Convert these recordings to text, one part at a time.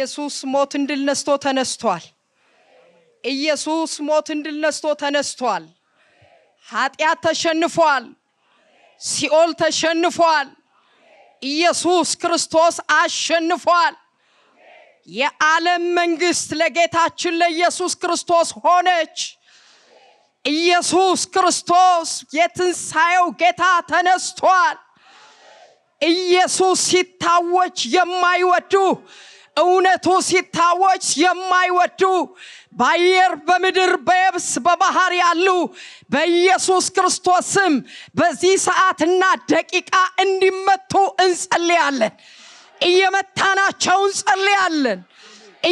ኢየሱስ ሞትን ድል ነስቶ ተነስቷል። ኢየሱስ ሞትን ድል ነስቶ ተነስቷል። ኃጢአት ተሸንፏል። ሲኦል ተሸንፏል። ኢየሱስ ክርስቶስ አሸንፏል። የዓለም መንግስት ለጌታችን ለኢየሱስ ክርስቶስ ሆነች። ኢየሱስ ክርስቶስ የትንሣኤው ጌታ ተነስቷል። ኢየሱስ ሲታወች የማይወዱ እውነቱ ሲታወጭ የማይወዱ በአየር በምድር በየብስ በባህር ያሉ በኢየሱስ ክርስቶስ ስም በዚህ ሰዓትና ደቂቃ እንዲመቱ እንጸልያለን እየመታናቸው እንጸልያለን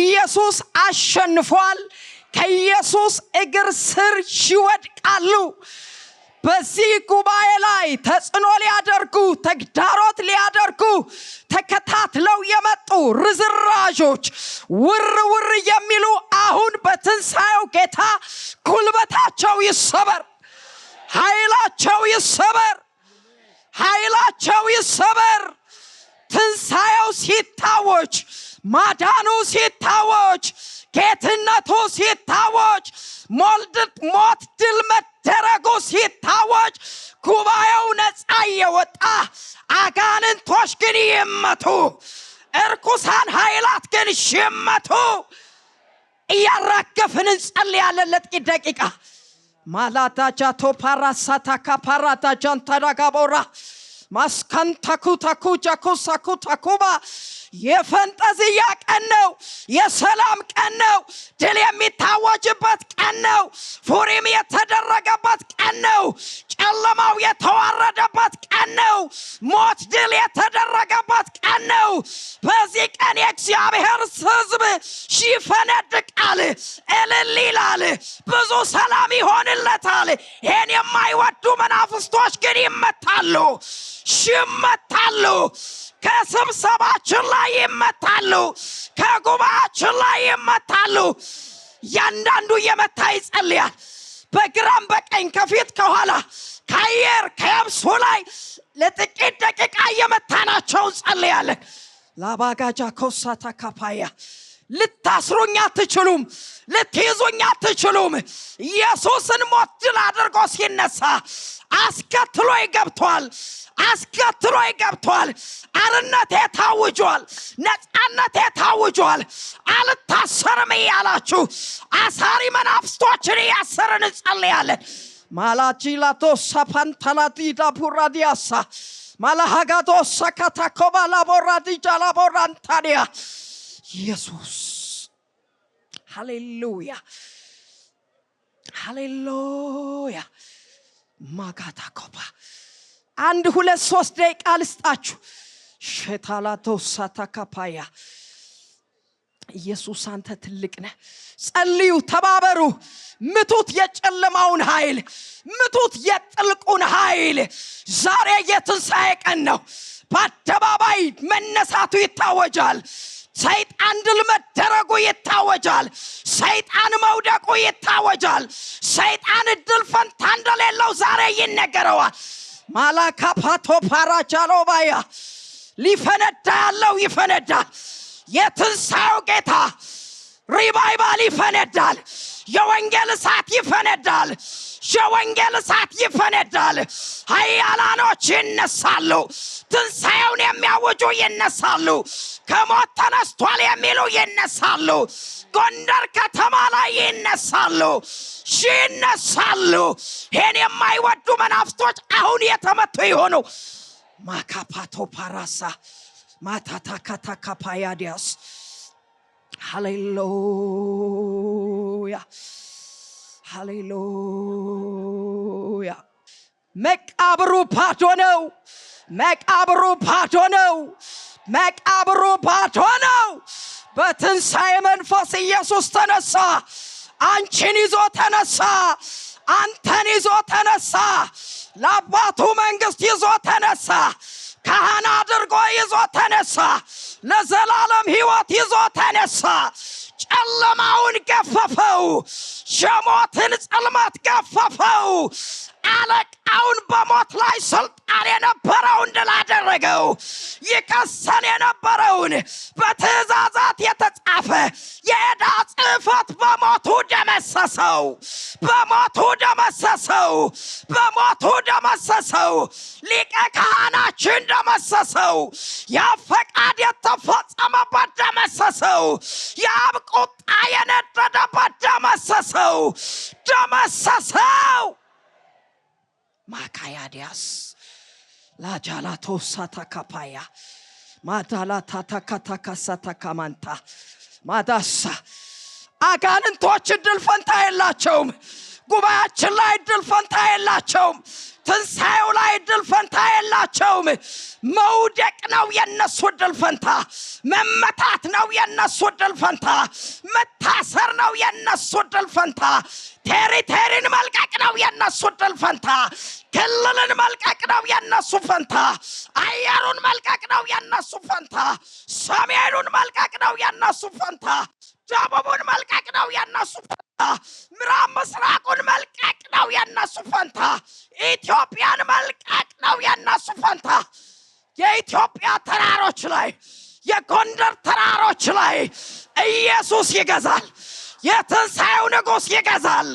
ኢየሱስ አሸንፏል ከኢየሱስ እግር ስር ይወድቃሉ በዚህ ጉባኤ ላይ ተጽዕኖ ሊያደርጉ ተግዳሮት ሊያደርጉ ተከታትለው የመጡ ርዝራዦች ውር ውር የሚሉ አሁን በትንሣኤው ጌታ ጉልበታቸው ይሰበር፣ ኃይላቸው ይሰበር፣ ኃይላቸው ይሰበር። ትንሣኤው ሲታወጅ፣ ማዳኑ ሲታወጅ ጌትነቱ ሞልድት ሞት ድል መደረጉ ሲታወጅ ጉባኤው ነፃ እየወጣ አጋንንቶች ግን ይመቱ እርኩሳን ኃይላት ግን ሽመቱ እያራገፍን እንጸልያለን ለጥቂት ደቂቃ ማላዳጃ ቶፓራሳታካ ፓራዳጃን ተዳጋቦራ ማስካን ታኩ ታኩ ጃኩ ሳኩ ታኩባ የፈንጠዝያ ቀን ነው። የሰላም ቀን ነው። ድል የሚታወጅበት ቀን ነው። ፉሪም የተደረገበት ቀን ነው። ጨለማው የተዋረደበት ቀን ነው። ሞት ድል የተደረገበት ቀን ነው። በዚህ ቀን የእግዚአብሔር ሕዝብ ይፈነድቃል፣ እልል ይላል፣ ብዙ ሰላም ይሆንለታል። ይህን የማይወዱ መናፍስቶች ግን ይመታሉ፣ ሽመታሉ ከስብሰባችን ላይ ይመታሉ፣ ከጉባኤያችን ላይ ይመታሉ። እያንዳንዱ እየመታ ይጸልያል። በግራም በቀኝ ከፊት ከኋላ ከአየር ከየብሱ ላይ ለጥቂት ደቂቃ እየመታናቸው ጸልያለን ላባጋጃ ከውሳታ ካፓያ ልታስሩኝ አትችሉም፣ ልትይዙኝ አትችሉም። ኢየሱስን ሞት ድል አድርጎ ሲነሳ አስከትሎ ይገብተዋል አስከትሎ ይገብተዋል አርነቴ ታውጇል ነፃነቴ ታውጇል አልታሰርም እያላችሁ አሳሪ መናፍስቶችን እያሰርን እንጸልያለን ማላጂላቶ ሰፓንተላዲዳ ቡራዲያሳ ማላሃጋዶ ሰከታኮባ ላቦራዲጃ ላቦራንታዲያ ኢየሱስ ሃሌሉያ ሃሌሉያ ማጋታኮባ አንድ ሁለት ሶስት ደቂቃ ልስጣችሁ ሸታላቶሳታካፓያ ኢየሱስ አንተ ትልቅ ነ ጸልዩ ተባበሩ ምቱት የጨለማውን ኃይል ምቱት የጥልቁን ኃይል ዛሬ የትንሣኤ ቀን ነው በአደባባይ መነሳቱ ይታወጃል ሰይጣን ድል መደረጉ ይታወጃል። ሰይጣን መውደቁ ይታወጃል። ሰይጣን እድል ፈንታ እንደሌለው ዛሬ ይነገረዋል። ማላካ ፓቶ ፓራቻሎባያ ሊፈነዳ ያለው ይፈነዳ። የትንሣኤው ጌታ ሪቫይቫል ይፈነዳል። የወንጌል እሳት ይፈነዳል። የወንጌል እሳት ይፈነዳል። ሀያላኖች ይነሳሉ። ትንሣኤውን የሚያውጁ ይነሳሉ። ከሞት ተነስቷል የሚሉ ይነሳሉ። ጎንደር ከተማ ላይ ይነሳሉ፣ ይነሳሉ። ይህን የማይወዱ መናፍቶች አሁን የተመቱ ይሆኑ። ማካፓቶ ፓራሳ ማታታካታካፓያዲያስ ሃሌሉያ ሃሌሉያ። መቃብሩ ባዶ ነው። መቃብሩ ባዶ ነው። መቃብሩ ባዶ ነው። በትንሣኤ መንፈስ ኢየሱስ ተነሳ። አንቺን ይዞ ተነሳ። አንተን ይዞ ተነሳ። ለአባቱ መንግሥት ይዞ ተነሳ። ካህን አድርጎ ይዞ ተነሳ። ለዘላለም ህይወት ይዞ ተነሳ። ጨለማውን ገፈፈው። ሸሞትን ጽልመት ገፈፈው። አለቃውን በሞት ላይ ስልጣን የነበረውን ድል አደረገው። ይከሰን የነበረውን በትእዛዛት የተጻፈ የዕዳ ጽፈት በሞቱ ደመሰሰው፣ በሞቱ ደመሰሰው፣ በሞቱ ደመሰሰው። ሊቀ ካህናችን ደመሰሰው። ያ ፈቃድ የተፈጸመበት ደመሰሰው። የአብ ቁጣ የነደደበት ደመሰሰው። ደመሰሰው። ማካያዲያስ ላጃላቶሳታካፓያ ማዳላታታካታካሳታካማንታ ማዳሳ አጋንንቶች እድል ፈንታ የላቸውም። ጉባኤያችን ላይ እድል ፈንታ የላቸውም ትንሣኤው ላይ እድል ፈንታ የላቸውም መውደቅ ነው የነሱ ድል ፈንታ መመታት ነው የነሱ ድል ፈንታ መታሰር ነው የነሱ ድል ፈንታ ቴሪቴሪን መልቀቅ ነው የነሱ ድል ፈንታ ክልልን መልቀቅ ነው የነሱ ፈንታ አየሩን መልቀቅ ነው የነሱ ፈንታ ሰሜኑን መልቀቅ ነው የነሱ ፈንታ ደቡቡን መልቀቅ ነው ያነሱ ፈንታ። ምራብ መስራቁን መልቀቅ ነው ያነሱ ፈንታ። ኢትዮጵያን መልቀቅ ነው ያነሱ ፈንታ። የኢትዮጵያ ተራሮች ላይ የጎንደር ተራሮች ላይ ኢየሱስ ይገዛል። የትንሣኤው ንጉሥ ይገዛል።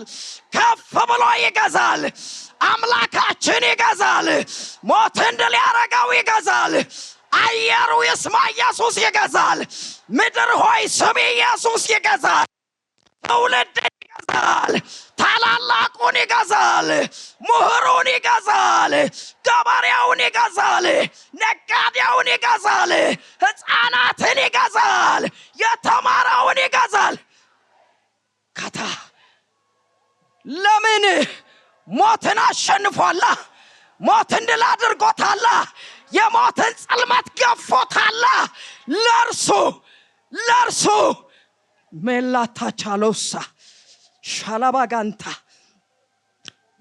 ከፍ ብሎ ይገዛል። አምላካችን ይገዛል። ሞትን ድል ያረገው ይገዛል። አየሩ የስማ ኢየሱስ ይገዛል። ምድር ሆይ ስሜ ኢየሱስ ይገዛል። ትውልድን ይገዛል። ታላላቁን ይገዛል። ምሁሩን ይገዛል። ገበሬውን ይገዛል። ነጋዴውን ይገዛል። ሕፃናትን ይገዛል። የተማረውን ይገዛል። ከታ ለምን ሞትን አሸንፏላ ሞትን ድል አድርጎታላ የሞትን ጽልመት ገፎታለ ለእርሱ ለእርሱ ሜላታ ቻለውሳ ጋንታ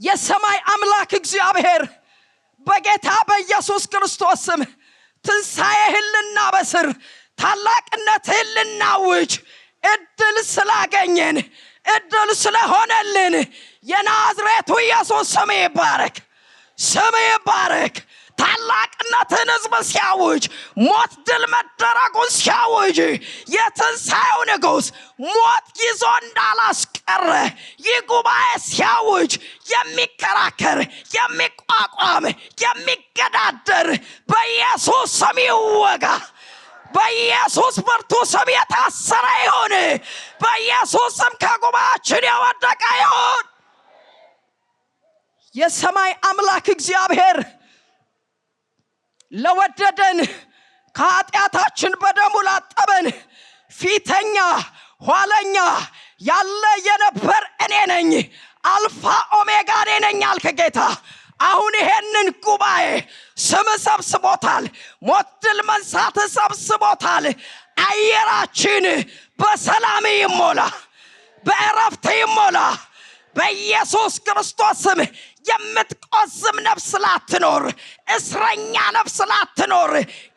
የሰማይ አምላክ እግዚአብሔር በጌታ በኢየሱስ ክርስቶስ ስም ትንሣኤ ህልና በስር ታላቅነት ህልና ውጭ እድል ስላገኘን እድል ስለሆነልን የናዝሬቱ ኢየሱስ ስም ይባረክ ስም ይባረክ ታላቅነትን ህዝብ ሲያውጅ፣ ሞት ድል መደረጉን ሲያውጅ፣ የትንሣኤው ንጉሥ ሞት ይዞ እንዳላስቀረ ይህ ጉባኤ ሲያውጅ፣ የሚከራከር የሚቋቋም የሚገዳደር በኢየሱስ ስም ይወጋ። በኢየሱስ ብርቱ ስም የታሰረ ይሁን። በኢየሱስ ስም ከጉባኤያችን የወደቀ ይሁን። የሰማይ አምላክ እግዚአብሔር ለወደደን ከኃጢአታችን በደሙ ላጠበን ፊተኛ ኋለኛ ያለ የነበር እኔ ነኝ አልፋ ኦሜጋ እኔ ነኝ አልክ ጌታ አሁን ይሄንን ጉባኤ ስም ሰብስቦታል ሞት ድል መንሳት ሰብስቦታል አየራችን በሰላም ይሞላ በእረፍት ይሞላ በኢየሱስ ክርስቶስ ስም የምትቆዝም ነፍስ ላትኖር እስረኛ ነፍስ ላትኖር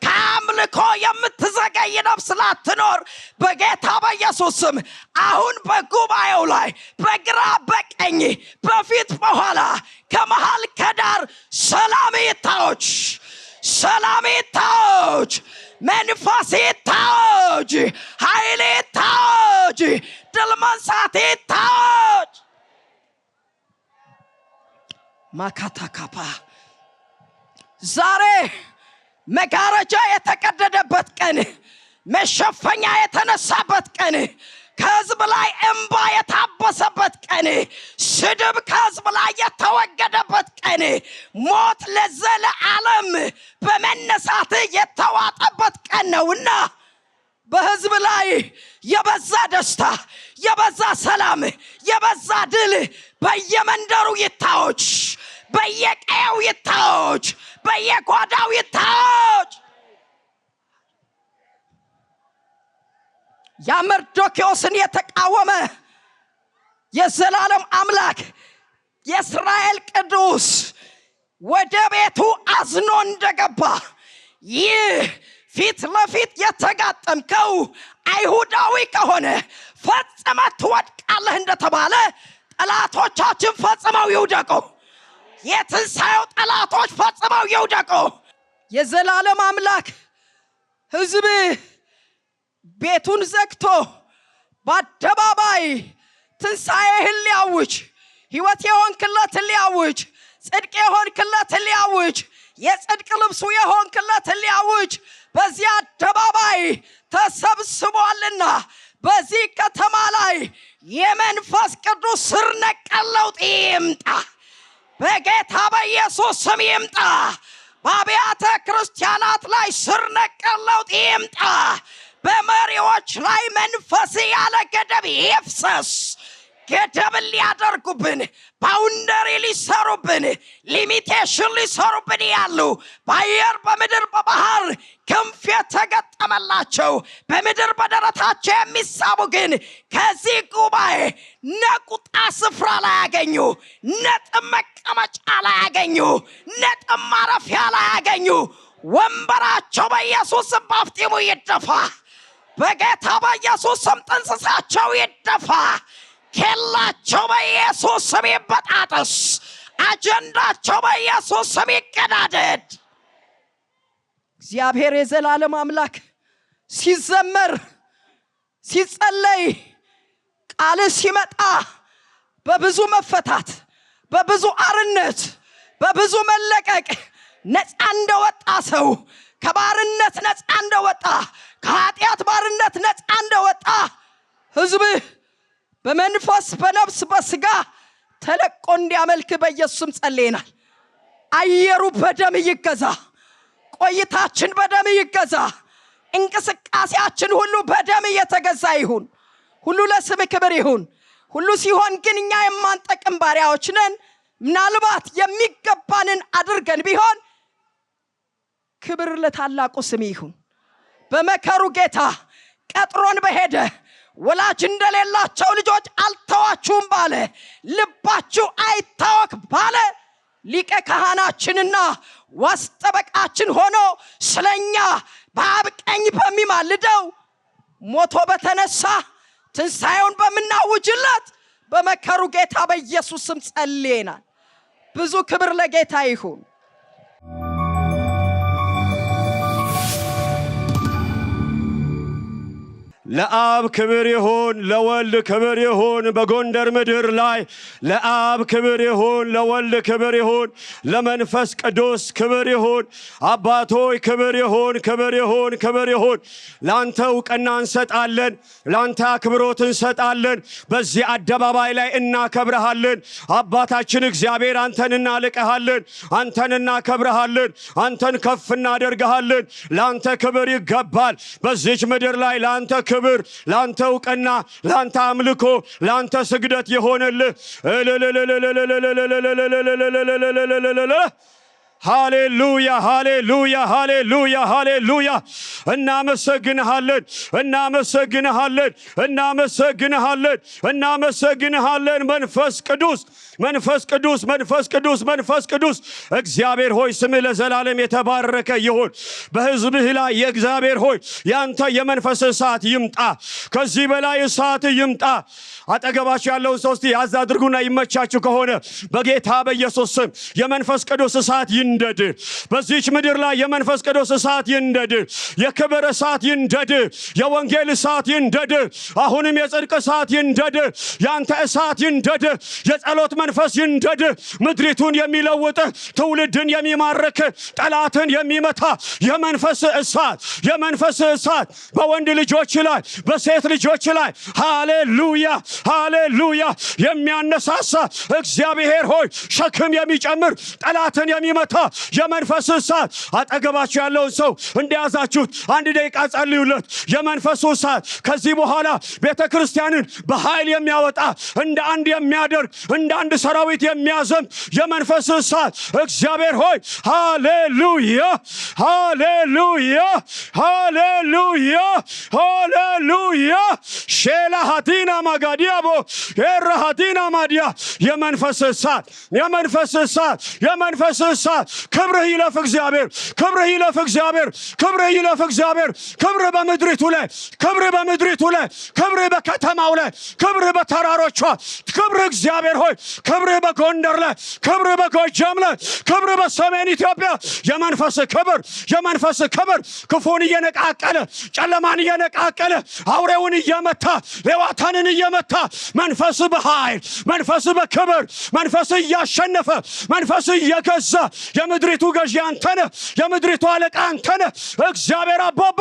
ከአምልኮ የምትዘገይ ነፍስ ላትኖር በጌታ በኢየሱስ ስም አሁን በጉባኤው ላይ በግራ በቀኝ በፊት በኋላ ከመሃል ከዳር ሰላም ይታዎች ሰላም ይታዎች መንፈስ ድል መንሳት ማካታካፓ ዛሬ መጋረጃ የተቀደደበት ቀን መሸፈኛ የተነሳበት ቀን ከህዝብ ላይ እምባ የታበሰበት ቀን ስድብ ከህዝብ ላይ የተወገደበት ቀን ሞት ለዘለ ዓለም በመነሳት የተዋጠበት ቀን ነውና በህዝብ ላይ የበዛ ደስታ የበዛ ሰላም የበዛ ድል በየመንደሩ ይታዎች በየቀየው ይታዎች በየጓዳው ይታዎች የመርዶኪዎስን የተቃወመ የዘላለም አምላክ የእስራኤል ቅዱስ ወደ ቤቱ አዝኖ እንደገባ ይህ ፊት ለፊት የተጋጠምከው አይሁዳዊ ከሆነ ፈጽመ ትወድቃለህ እንደተባለ ጠላቶቻችን ፈጽመው ይውደቁ የትንሣኤው ጠላቶች ፈጽመው ይውደቁ የዘላለም አምላክ ህዝብ ቤቱን ዘግቶ በአደባባይ ትንሣኤህን ሊያውጅ ሕይወት የሆንክለት ሊያውጅ ጽድቅ የሆንክለት ሊያውጅ የጽድቅ ልብሱ የሆንክለት ሊያውጅ በዚህ አደባባይ ተሰብስቧልና በዚህ ከተማ ላይ የመንፈስ ቅዱስ ስር ነቀል ለውጥ ይምጣ። በጌታ በኢየሱስ ስም ይምጣ። በአብያተ ክርስቲያናት ላይ ስር ነቀል ለውጥ ይምጣ። በመሪዎች ላይ መንፈስ ያለ ገደብ ይፍሰስ። ገደብ ሊያደርጉብን ባውንደሪ ሊሰሩብን ሊሚቴሽን ሊሰሩብን ያሉ በአየር በምድር በባህር ክንፍ የተገጠመላቸው በምድር በደረታቸው የሚሳቡ ግን ከዚህ ጉባኤ ነቁጣ ስፍራ ላይ ያገኙ ነጥብ መቀመጫ ላይ ያገኙ ነጥብ ማረፊያ ላይ ያገኙ ወንበራቸው በኢየሱስ ባፍጢሙ ይደፋ በጌታ በኢየሱስ ስም ጥንስሳቸው ይደፋ ኬላቸው በኢየሱስ ስም ይበጣጠስ። አጀንዳቸው በኢየሱስ ስም ይቀዳደድ። እግዚአብሔር የዘላለም አምላክ ሲዘመር ሲጸለይ ቃል ሲመጣ በብዙ መፈታት፣ በብዙ አርነት፣ በብዙ መለቀቅ ነፃ እንደወጣ ሰው ከባርነት ነፃ እንደወጣ ከኃጢአት ባርነት ነፃ እንደወጣ ህዝብህ በመንፈስ በነፍስ በስጋ ተለቆ እንዲያመልክ በኢየሱስም ጸልየናል አየሩ በደም ይገዛ ቆይታችን በደም ይገዛ እንቅስቃሴያችን ሁሉ በደም እየተገዛ ይሁን ሁሉ ለስም ክብር ይሁን ሁሉ ሲሆን ግን እኛ የማንጠቅም ባሪያዎች ነን ምናልባት የሚገባንን አድርገን ቢሆን ክብር ለታላቁ ስም ይሁን በመከሩ ጌታ ቀጥሮን በሄደ ወላጅ እንደሌላቸው ልጆች አልተዋችሁም ባለ ልባችሁ አይታወክ ባለ ሊቀ ካህናችንና ዋስጠበቃችን ሆኖ ስለኛ በአብቀኝ በሚማልደው ሞቶ በተነሳ ትንሣኤውን በምናውጅለት በመከሩ ጌታ በኢየሱስ ስም ጸልየናል ብዙ ክብር ለጌታ ይሁን ለአብ ክብር ይሁን፣ ለወልድ ክብር ይሁን። በጎንደር ምድር ላይ ለአብ ክብር ይሁን፣ ለወልድ ክብር ይሁን፣ ለመንፈስ ቅዱስ ክብር ይሁን። አባቶች ክብር ይሁን፣ ክብር ይሁን፣ ክብር ይሁን። ለአንተ እውቅና እንሰጣለን፣ ለአንተ አክብሮት እንሰጣለን። በዚህ አደባባይ ላይ እናከብረሃለን። አባታችን እግዚአብሔር አንተን እናልቀሃለን፣ አንተን እናከብረሃለን፣ አንተን ከፍ እናደርግሃለን። ለአንተ ክብር ይገባል። በዚች ምድር ላይ ለአንተ ክብር፣ ላንተ እውቅና፣ ላንተ አምልኮ፣ ላንተ ስግደት የሆነልህ ሃሌሉያ ሃሌሉያ ሃሌሉያ ሃሌሉያ እናመሰግንሃለን እናመሰግንሃለን እናመሰግንሃለን እናመሰግንሃለን መንፈስ ቅዱስ መንፈስ ቅዱስ መንፈስ ቅዱስ መንፈስ ቅዱስ እግዚአብሔር ሆይ ስምህ ለዘላለም የተባረከ ይሁን በህዝብህ ላይ የእግዚአብሔር ሆይ ያንተ የመንፈስ እሳት ይምጣ ከዚህ በላይ እሳት ይምጣ አጠገባችሁ ያለውን ሰውስቲ ያዝ አድርጉና ይመቻችሁ ከሆነ በጌታ በኢየሱስ ስም የመንፈስ ቅዱስ እሳት ይ ይንደድ። በዚች ምድር ላይ የመንፈስ ቅዱስ እሳት ይንደድ። የክብር እሳት ይንደድ። የወንጌል እሳት ይንደድ። አሁንም የጽድቅ እሳት ይንደድ። ያንተ እሳት ይንደድ። የጸሎት መንፈስ ይንደድ። ምድሪቱን የሚለውጥ ትውልድን የሚማርክ ጠላትን የሚመታ የመንፈስ እሳት የመንፈስ እሳት በወንድ ልጆች ላይ በሴት ልጆች ላይ ሃሌሉያ ሃሌሉያ የሚያነሳሳ እግዚአብሔር ሆይ ሸክም የሚጨምር ጠላትን የሚመታ የመንፈስ እሳት አጠገባችሁ ያለውን ሰው እንደያዛችሁት አንድ ደቂቃ ጸልዩለት። የመንፈሱ እሳት ከዚህ በኋላ ቤተ ክርስቲያንን በኃይል የሚያወጣ እንደ አንድ የሚያደርግ እንደ አንድ ሰራዊት የሚያዘም የመንፈስ እሳት እግዚአብሔር ሆይ ሃሌሉያ፣ ሃሌሉያ፣ ሃሌሉያ፣ ሃሌሉያ ሼላሃቲና ማጋዲያቦ ኤራሃቲና ማዲያ የመንፈስ እሳት የመንፈስ እሳት የመንፈስ እሳት ክብርህ ይለፍ እግዚአብሔር፣ ክብርህ ይለፍ እግዚአብሔር፣ ክብርህ ይለፍ እግዚአብሔር። ክብርህ በምድሪቱ ላይ፣ ክብርህ በምድሪቱ ላይ፣ ክብርህ በከተማው ላይ፣ ክብርህ በተራሮቿ፣ ክብርህ እግዚአብሔር ሆይ ክብርህ በጎንደር ላይ፣ ክብርህ በጎጃም ላይ፣ ክብርህ በሰሜን ኢትዮጵያ። የመንፈስ ክብር፣ የመንፈስ ክብር ክፉን እየነቃቀለ ጨለማን እየነቃቀለ አውሬውን እየመታ ሌዋታንን እየመታ መንፈስ በኃይል መንፈስ በክብር መንፈስ እያሸነፈ መንፈስ እየገዛ የምድሪቱ ገዢ አንተነ የምድሪቱ አለቃ አንተነ እግዚአብሔር አባባ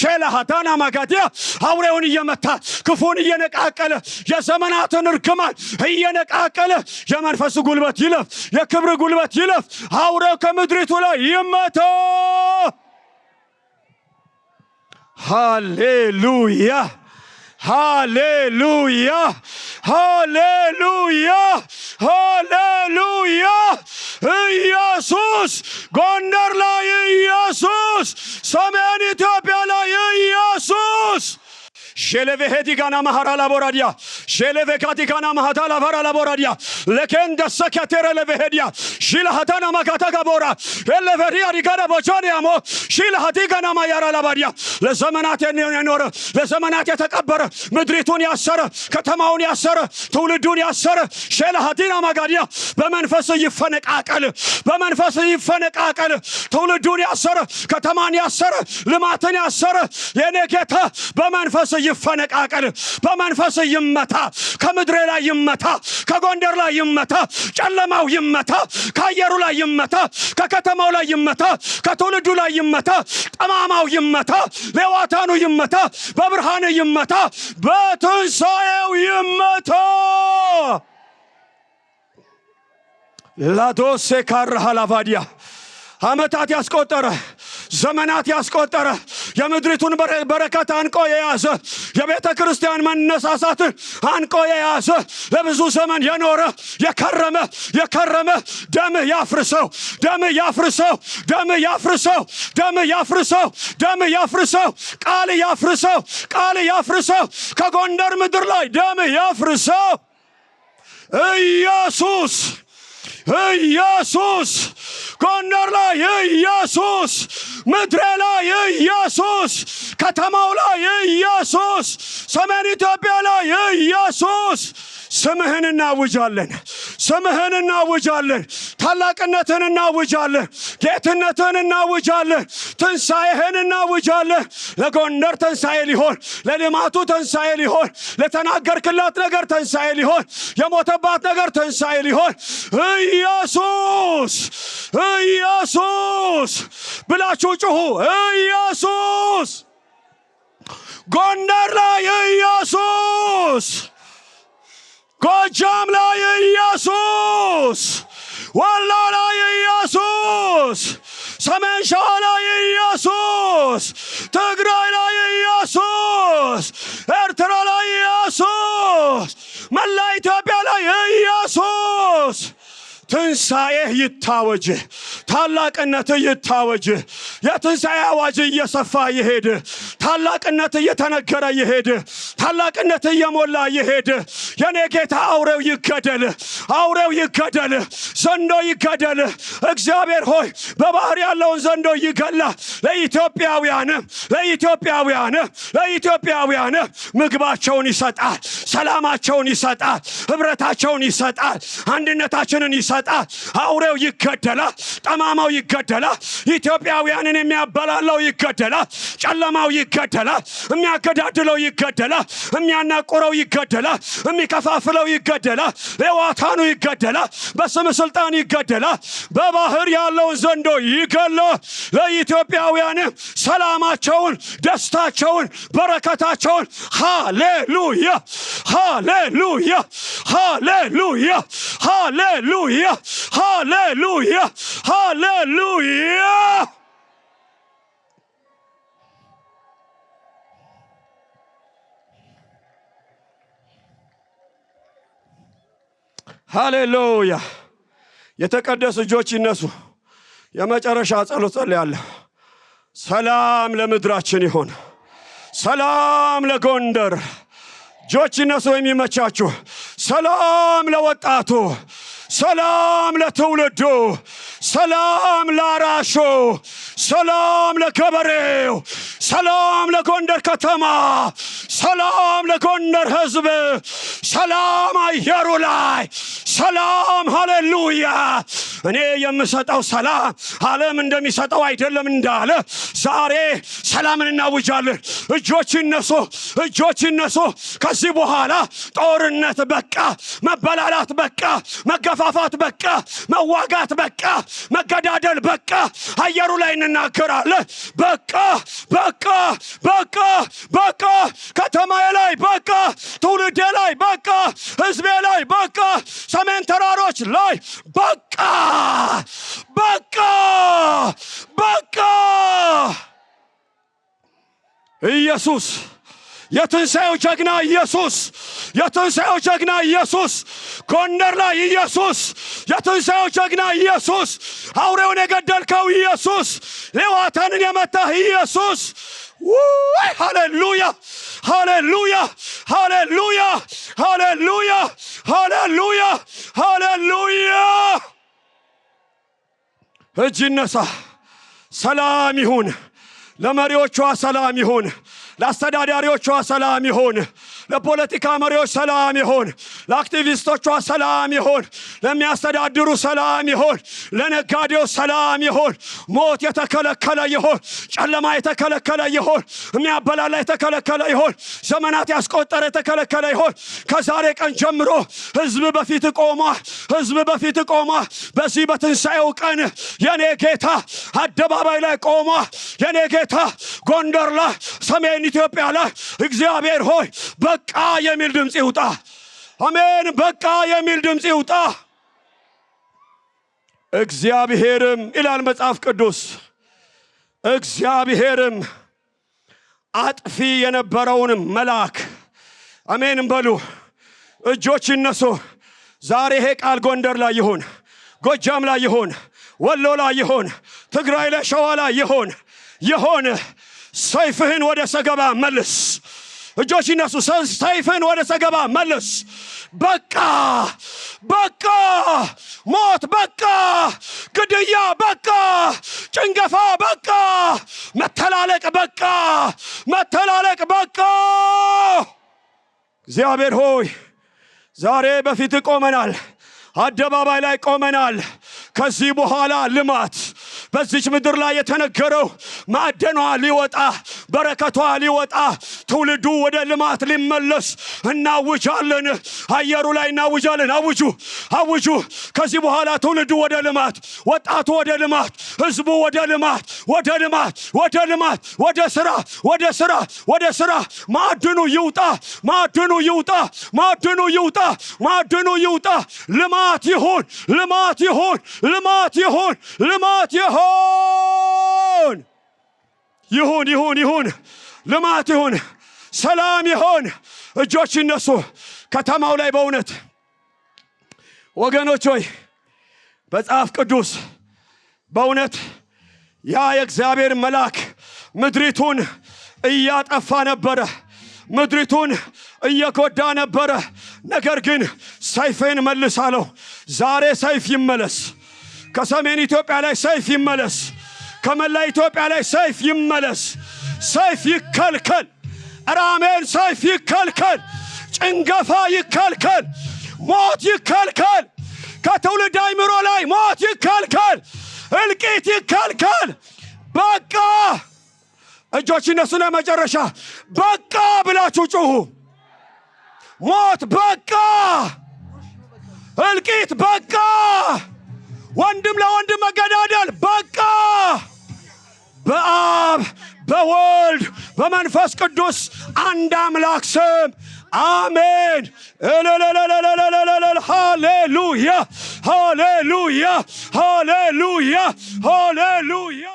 ሼላሃዳና ማጋዲያ አውሬውን እየመታ ክፉን እየነቃቀለ የዘመናትን እርግማን እየነቃቀለ የመንፈስ ጉልበት ይለፍ፣ የክብር ጉልበት ይለፍ። አውሬው ከምድሪቱ ላይ ይመታ። ሃሌሉያ Hallelujah! Hallelujah! Hallelujah! ኢየሱስ ጎንደር ላይ ኢየሱስ ሰሜን ኢትዮጵያ شلوه هدیگانا مهارا لبورادیا شلوه کاتیگانا مهاتا لورا لبورادیا لکن دسکه تر لوه هدیا شیل هتانا مکاتا کبورا لوه ریا ریگانا بچانی امو شیل هدیگانا ما یارا لباریا لزمنات نور لزمنات تکبر مدریتون یاسر ከተማውን ያሰረ ትውልዱን ያሰረ ሸለሃዲና ማጋዲያ በመንፈስ ይፈነቃቀል በመንፈስ ይፈነቃቀል ትውልዱን ያሰረ ከተማን ያሰረ ልማትን ያሰረ የኔ ጌታ በመንፈስ ይፈነቃቀል፣ በመንፈስ ይመታ፣ ከምድር ላይ ይመታ፣ ከጎንደር ላይ ይመታ፣ ጨለማው ይመታ፣ ከአየሩ ላይ ይመታ፣ ከከተማው ላይ ይመታ፣ ከትውልዱ ላይ ይመታ፣ ጠማማው ይመታ፣ ሌዋታኑ ይመታ፣ በብርሃን ይመታ፣ በትንሣኤው ይመታ። ላዶሴ ካራሃላቫዲያ አመታት ያስቆጠረ ዘመናት ያስቆጠረ የምድሪቱን በረከት አንቆ የያዘ የቤተ ክርስቲያን መነሳሳትን አንቆ የያዘ ለብዙ ዘመን የኖረ የከረመ የከረመ ደም ያፍርሰው ደም ያፍርሰው ደም ያፍርሰው ደም ያፍርሰው ደም ያፍርሰው ቃል ያፍርሰው ቃል ያፍርሰው ከጎንደር ምድር ላይ ደም ያፍርሰው ኢየሱስ ኢየሱስ ጎንደር ላይ ኢየሱስ ምድር ላይ ኢየሱስ ከተማው ላይ ኢየሱስ ሰሜን ኢትዮጵያ ላይ ኢየሱስ ስምህን እናውጃለን፣ ስምህን እናውጃለን፣ ታላቅነትን እናውጃለን፣ ጌትነትን እናውጃለን፣ ትንሣኤህን እናውጃለን። ለጎንደር ትንሣኤ ሊሆን፣ ለልማቱ ትንሣኤ ሊሆን፣ ለተናገርክላት ነገር ትንሣኤ ሊሆን፣ የሞተባት ነገር ትንሣኤ ሊሆን ኢየሱስ ኢየሱስ ብላችሁ ጩኹ። ኢየሱስ ጎንደር ላይ ኢየሱስ፣ ጎጃም ላይ ኢየሱስ፣ ወሎ ላይ ኢየሱስ፣ ሰሜን ሸዋ ላይ ኢየሱስ፣ ትግራይ ላይ ኢየሱስ፣ ኤርትራ ላይ ኢየሱስ፣ መላ ኢትዮጵያ ላይ ኢየሱስ ትንሣኤህ ይታወጅ፣ ታላቅነት ይታወጅ። የትንሣኤ አዋጅ እየሰፋ ይሄድ፣ ታላቅነት እየተነገረ ይሄድ፣ ታላቅነት እየሞላ ይሄድ። የኔ ጌታ አውሬው ይገደል፣ አውሬው ይገደል፣ ዘንዶ ይገደል። እግዚአብሔር ሆይ በባህር ያለውን ዘንዶ ይገላ። ለኢትዮጵያውያን ለኢትዮጵያውያን ለኢትዮጵያውያን ምግባቸውን ይሰጣል፣ ሰላማቸውን ይሰጣል፣ ህብረታቸውን ይሰጣል፣ አንድነታችንን ይሰጣል። ሲመጣ አውሬው ይገደላ፣ ጠማማው ይገደላ፣ ኢትዮጵያውያንን የሚያበላላው ይገደላ፣ ጨለማው ይገደላ፣ የሚያገዳድለው ይገደላ፣ የሚያናቁረው ይገደላ፣ የሚከፋፍለው ይገደላ፣ የዋታኑ ይገደላ፣ በስም ስልጣን ይገደላ፣ በባህር ያለውን ዘንዶ ይገለ ለኢትዮጵያውያን ሰላማቸውን፣ ደስታቸውን፣ በረከታቸውን ሃሌሉያ ሃሌሉያ ሃሌሉያ ሃሌሉያ Halleluja! Halleluja! Halleluja! ሃሌሉያ! የተቀደሱ እጆች ይነሱ። የመጨረሻ ጸሎት ጸልያለሁ። ሰላም ለምድራችን ይሆን። ሰላም ለጎንደር። እጆች ይነሱ የሚመቻችሁ። ሰላም ለወጣቱ ሰላም ለትውልዱ፣ ሰላም ለአራሹ፣ ሰላም ለገበሬው፣ ሰላም ለጎንደር ከተማ፣ ሰላም ለጎንደር ሕዝብ፣ ሰላም አየሩ ላይ፣ ሰላም ሃሌሉያ እኔ የምሰጠው ሰላም ዓለም እንደሚሰጠው አይደለም እንዳለ ዛሬ ሰላምን እናውጃለን። እጆች ይነሱ፣ እጆች ይነሱ። ከዚህ በኋላ ጦርነት በቃ፣ መበላላት በቃ፣ መገፋፋት በቃ፣ መዋጋት በቃ፣ መገዳደል በቃ። አየሩ ላይ እንናገራለን። በቃ በቃ በቃ በቃ፣ ከተማዬ ላይ በቃ፣ ትውልዴ ላይ በቃ፣ ህዝቤ ላይ በቃ፣ ሰሜን ተራሮች ላይ በቃ Buckle! Buckle! Buckle! ኢየሱስ የትንሣኤው ጀግና ኢየሱስ የትንሣኤው ጀግና ኢየሱስ ጎንደር ላይ ኢየሱስ የትንሣኤው ጀግና ኢየሱስ አውሬውን የገደልከው ኢየሱስ ሌዋታንን የመታህ ኢየሱስ ውይ ሃሌሉያ ሃሌሉያ ሃሌሉያ ሃሌሉያ ሃሌሉያ ሃሌሉያ እጅ ይነሳ። ሰላም ይሁን። ለመሪዎቿ ሰላም ይሁን። ለአስተዳዳሪዎቿ ሰላም ይሁን። ለፖለቲካ መሪዎች ሰላም ይሁን፣ ለአክቲቪስቶቿ ሰላም ይሆን፣ ለሚያስተዳድሩ ሰላም ይሆን፣ ለነጋዴው ሰላም ይሆን፣ ሞት የተከለከለ ይሁን፣ ጨለማ የተከለከለ ይሁን፣ የሚያበላላ የተከለከለ ይሆን፣ ዘመናት ያስቆጠረ የተከለከለ ይሆን። ከዛሬ ቀን ጀምሮ ህዝብ በፊት ቆሟ፣ ህዝብ በፊት ቆሟ። በዚህ በትንሣኤው ቀን የኔ ጌታ አደባባይ ላይ ቆሟ። የኔ ጌታ ጎንደር ላይ፣ ሰሜን ኢትዮጵያ ላይ እግዚአብሔር ሆይ በቃ የሚል ድምፅ ይውጣ። አሜን። በቃ የሚል ድምፅ ይውጣ። እግዚአብሔርም ይላል መጽሐፍ ቅዱስ፣ እግዚአብሔርም አጥፊ የነበረውንም መልአክ አሜን በሉ። እጆች ይነሱ። ዛሬ ይሄ ቃል ጎንደር ላይ ይሁን፣ ጎጃም ላይ ይሁን፣ ወሎ ላይ ይሁን፣ ትግራይ ላይ፣ ሸዋ ላይ ይሁን ይሁን። ሰይፍህን ወደ ሰገባ መልስ። እጆች ይነሱ። ሰይፍን ወደ ሰገባ መልስ። በቃ በቃ፣ ሞት በቃ፣ ግድያ በቃ፣ ጭንገፋ በቃ፣ መተላለቅ በቃ፣ መተላለቅ በቃ። እግዚአብሔር ሆይ ዛሬ በፊት ቆመናል። አደባባይ ላይ ቆመናል። ከዚህ በኋላ ልማት በዚች ምድር ላይ የተነገረው ማዕደኗ ሊወጣ በረከቷ ሊወጣ ትውልዱ ወደ ልማት ሊመለስ እናውጃለን። አየሩ ላይ እናውጃለን። አውጁ፣ አውጁ። ከዚህ በኋላ ትውልዱ ወደ ልማት፣ ወጣቱ ወደ ልማት፣ ህዝቡ ወደ ልማት፣ ወደ ልማት፣ ወደ ልማት፣ ወደ ስራ፣ ወደ ስራ፣ ወደ ስራ። ማዕድኑ ይውጣ፣ ማዕድኑ ይውጣ፣ ማዕድኑ ይውጣ፣ ማዕድኑ ይውጣ። ልማት ይሁን፣ ልማት ይሁን፣ ልማት ይሁን፣ ልማት ይሁን። ይሁን ይሁን ይሁን ይሁን ልማት ይሁን ሰላም ይሆን እጆች ይነሱ ከተማው ላይ በእውነት ወገኖች ሆይ በጻፍ ቅዱስ በእውነት ያ የእግዚአብሔር መልአክ ምድሪቱን እያጠፋ ነበረ ምድሪቱን እየጎዳ ነበረ ነገር ግን ሰይፌን መልሳለሁ ዛሬ ሰይፍ ይመለስ كسامين إثيوبيا على سيف يملس كما لا إثيوبيا على سيف يملس سيف يكلكل رامين سيف يكلكل إنقفا يكلكل موت يكلكل كتول دايمرو لاي موت يكلكل الكيت يكلكل بقى أجوشي نسونا مجرشا جرشا بقى بلا تشوشوه موت بقى الكيت بقى ወንድም ለወንድም መገዳደል በቃ። በአብ በወልድ በመንፈስ ቅዱስ አንድ አምላክ ስም አሜን። ሃሌሉያ ሃሌሉያ ሃሌሉያ ሃሌሉያ